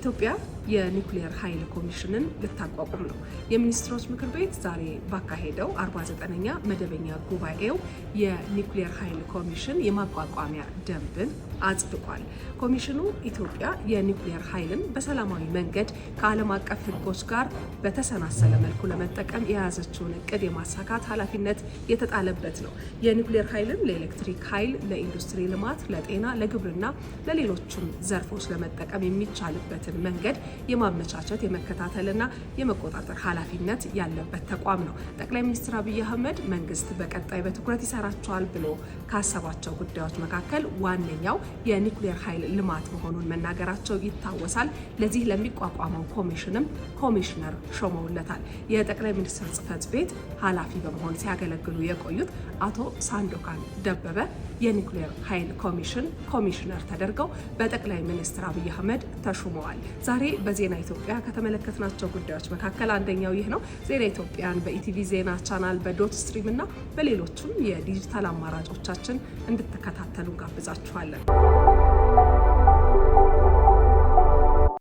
ኢትዮጵያ የኒውክሌር ኃይል ኮሚሽንን ልታቋቁም ነው። የሚኒስትሮች ምክር ቤት ዛሬ ባካሄደው 49ኛ መደበኛ ጉባኤው የኒውክሌር ኃይል ኮሚሽን የማቋቋሚያ ደንብን አጽድቋል። ኮሚሽኑ ኢትዮጵያ የኒውክሌር ኃይልን በሰላማዊ መንገድ ከዓለም አቀፍ ሕጎች ጋር በተሰናሰለ መልኩ ለመጠቀም የያዘችውን እቅድ የማሳካት ኃላፊነት የተጣለበት ነው። የኒውክሌር ኃይልን ለኤሌክትሪክ ኃይል፣ ለኢንዱስትሪ ልማት፣ ለጤና፣ ለግብርና፣ ለሌሎችም ዘርፎች ለመጠቀም የሚቻልበትን መንገድ የማመቻቸት የመከታተልና የመቆጣጠር ኃላፊነት ያለበት ተቋም ነው። ጠቅላይ ሚኒስትር አብይ አህመድ መንግስት በቀጣይ በትኩረት ይሰራቸዋል ብሎ ካሰባቸው ጉዳዮች መካከል ዋነኛው የኒውክሌር ኃይል ልማት መሆኑን መናገራቸው ይታወሳል። ለዚህ ለሚቋቋመው ኮሚሽንም ኮሚሽነር ሾመውለታል። የጠቅላይ ሚኒስትር ጽህፈት ቤት ኃላፊ በመሆን ሲያገለግሉ የቆዩት አቶ ሳንዶካን ደበበ የኒውክሌር ኃይል ኮሚሽን ኮሚሽነር ተደርገው በጠቅላይ ሚኒስትር አብይ አህመድ ተሹመዋል። ዛሬ በዜና ኢትዮጵያ ከተመለከትናቸው ጉዳዮች መካከል አንደኛው ይህ ነው። ዜና ኢትዮጵያን በኢቲቪ ዜና ቻናል፣ በዶት ስትሪም እና በሌሎችም የዲጂታል አማራጮቻችን እንድትከታተሉ ጋብዛችኋለን።